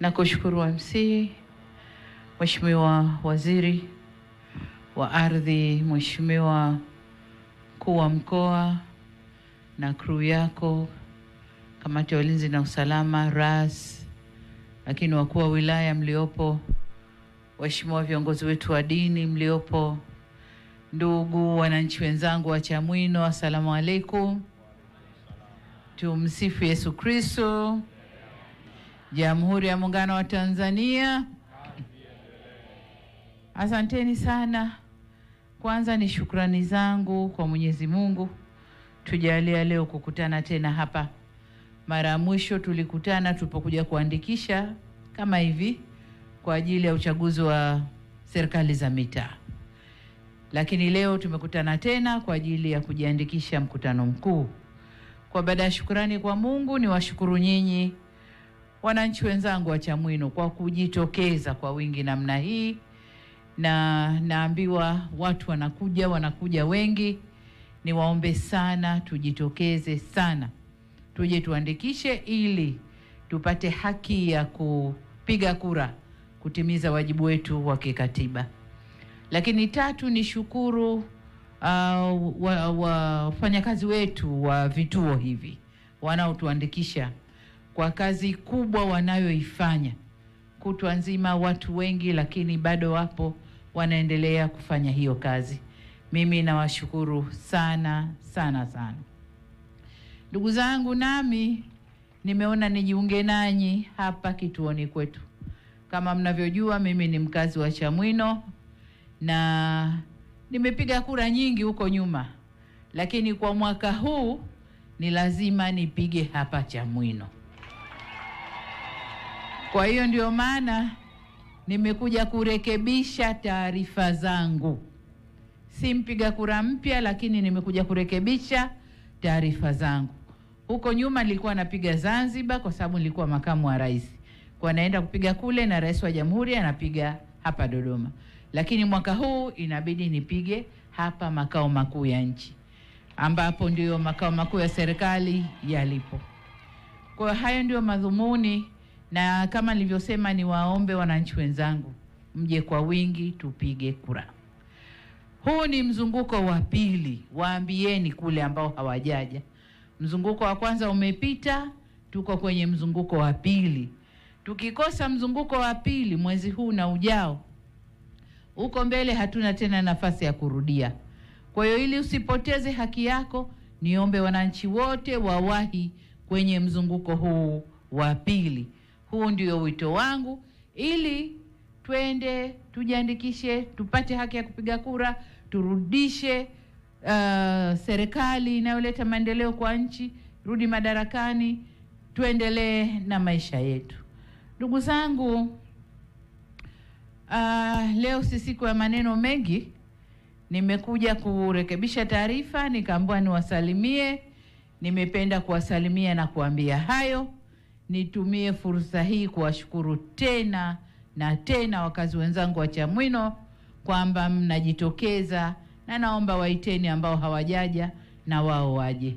Nakushukuru MC, Mheshimiwa Waziri wa Ardhi, Mheshimiwa Mkuu wa Mkoa na crew yako, kamati ya ulinzi na usalama RAS, lakini wakuu wa wilaya mliopo, waheshimiwa viongozi wetu wa dini mliopo, ndugu wananchi wenzangu wa Chamwino, assalamu alaikum. Tumsifu Yesu Kristo. Jamhuri ya Muungano wa Tanzania. Asanteni sana. Kwanza ni shukrani zangu kwa Mwenyezi Mungu tujalia leo kukutana tena hapa. Mara ya mwisho tulikutana tulipokuja kuandikisha kama hivi kwa ajili ya uchaguzi wa serikali za mitaa, lakini leo tumekutana tena kwa ajili ya kujiandikisha mkutano mkuu. Kwa baada ya shukrani kwa Mungu, ni washukuru nyinyi wananchi wenzangu wa Chamwino kwa kujitokeza kwa wingi namna hii, na naambiwa watu wanakuja, wanakuja wengi. Niwaombe sana tujitokeze sana, tuje tuandikishe ili tupate haki ya kupiga kura, kutimiza wajibu wetu wa kikatiba. Lakini tatu, nishukuru uh, wafanyakazi wa, wetu wa vituo hivi wanaotuandikisha kwa kazi kubwa wanayoifanya kutwa nzima, watu wengi, lakini bado wapo wanaendelea kufanya hiyo kazi. Mimi nawashukuru sana sana sana, ndugu zangu, nami nimeona nijiunge nanyi hapa kituoni kwetu. Kama mnavyojua, mimi ni mkazi wa Chamwino na nimepiga kura nyingi huko nyuma, lakini kwa mwaka huu ni lazima nipige hapa Chamwino. Kwa hiyo ndio maana nimekuja kurekebisha taarifa zangu, si mpiga kura mpya, lakini nimekuja kurekebisha taarifa zangu. Huko nyuma nilikuwa napiga Zanzibar kwa sababu nilikuwa makamu wa rais, kwa naenda kupiga kule na rais wa jamhuri anapiga hapa Dodoma, lakini mwaka huu inabidi nipige hapa makao makuu ya nchi, ambapo ndiyo makao makuu ya serikali yalipo. Kwa hayo ndiyo madhumuni na kama nilivyosema, ni waombe wananchi wenzangu mje kwa wingi tupige kura. Huu ni mzunguko wa pili, waambieni kule ambao hawajaja. Mzunguko wa kwanza umepita, tuko kwenye mzunguko wa pili. Tukikosa mzunguko wa pili mwezi huu na ujao, huko mbele hatuna tena nafasi ya kurudia. Kwa hiyo ili usipoteze haki yako, niombe wananchi wote wawahi kwenye mzunguko huu wa pili. Huu ndio wito wangu, ili twende tujiandikishe, tupate haki ya kupiga kura, turudishe uh, serikali inayoleta maendeleo kwa nchi rudi madarakani, tuendelee na maisha yetu. Ndugu zangu, uh, leo si siku ya maneno mengi. Nimekuja kurekebisha taarifa, nikaambiwa niwasalimie. Nimependa kuwasalimia na kuambia hayo nitumie fursa hii kuwashukuru tena na tena wakazi wenzangu wa Chamwino kwamba mnajitokeza, na naomba waiteni ambao hawajaja na wao waje.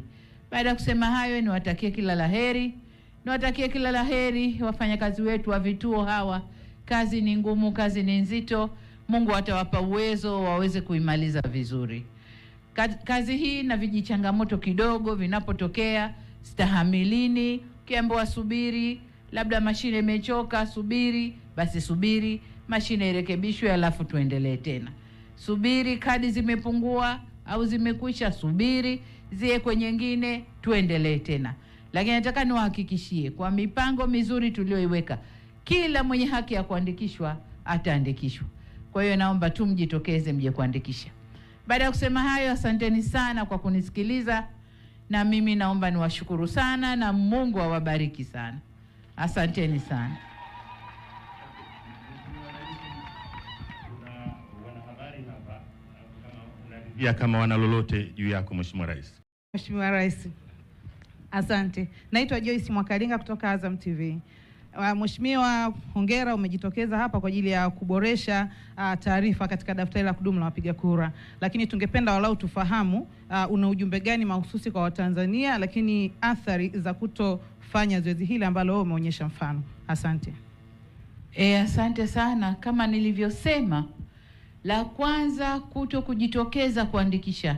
Baada ya kusema hayo, niwatakie kila laheri, niwatakie kila laheri wafanyakazi wetu wa vituo hawa. Kazi ni ngumu, kazi ni nzito. Mungu atawapa uwezo waweze kuimaliza vizuri kazi hii, na vijichangamoto kidogo vinapotokea, stahamilini ukiambiwa subiri, labda mashine imechoka, subiri, basi subiri mashine irekebishwe, alafu tuendelee tena. Subiri, kadi zimepungua au zimekwisha, subiri ziwekwe nyingine, tuendelee tena. Lakini nataka niwahakikishie kwa mipango mizuri tuliyoiweka, kila mwenye haki ya kuandikishwa ataandikishwa. Kwa hiyo naomba tu mjitokeze, mje kuandikisha. Baada ya kusema hayo, asanteni sana kwa kunisikiliza na mimi naomba niwashukuru sana na Mungu awabariki sana. Asanteni sana. Ya kama wana lolote juu yako Mheshimiwa Rais. Mheshimiwa Rais. Asante. Naitwa Joyce Mwakalinga kutoka Azam TV. Ah, mheshimiwa, hongera, umejitokeza hapa kwa ajili ya kuboresha uh, taarifa katika daftari la kudumu la wapiga kura, lakini tungependa walau tufahamu uh, una ujumbe gani mahususi kwa Watanzania, lakini athari za kutofanya zoezi hili ambalo wewe umeonyesha mfano. Asante. E, asante sana. Kama nilivyosema, la kwanza kuto kujitokeza kuandikisha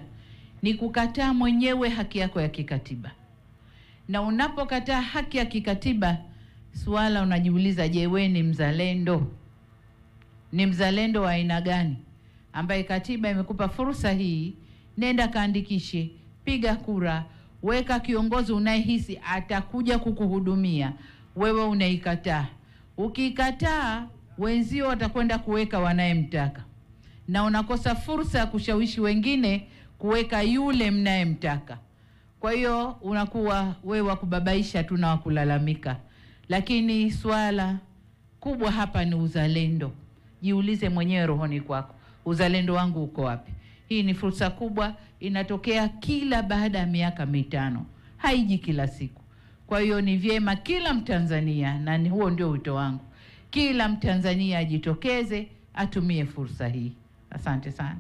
ni kukataa mwenyewe haki yako ya kikatiba, na unapokataa haki ya kikatiba Swala unajiuliza, je, wewe ni mzalendo? Ni mzalendo wa aina gani ambaye katiba imekupa fursa hii? Nenda kaandikishe, piga kura, weka kiongozi unayehisi atakuja kukuhudumia wewe. Unaikataa, ukiikataa wenzio watakwenda kuweka wanayemtaka, na unakosa fursa ya kushawishi wengine kuweka yule mnayemtaka. Kwa hiyo unakuwa wewe wa kubabaisha tu na wakulalamika. Lakini swala kubwa hapa ni uzalendo. Jiulize mwenyewe rohoni kwako, uzalendo wangu uko wapi? Hii ni fursa kubwa, inatokea kila baada ya miaka mitano, haiji kila siku. Kwa hiyo ni vyema kila Mtanzania, na huo ndio wito wangu, kila Mtanzania ajitokeze, atumie fursa hii. Asante sana.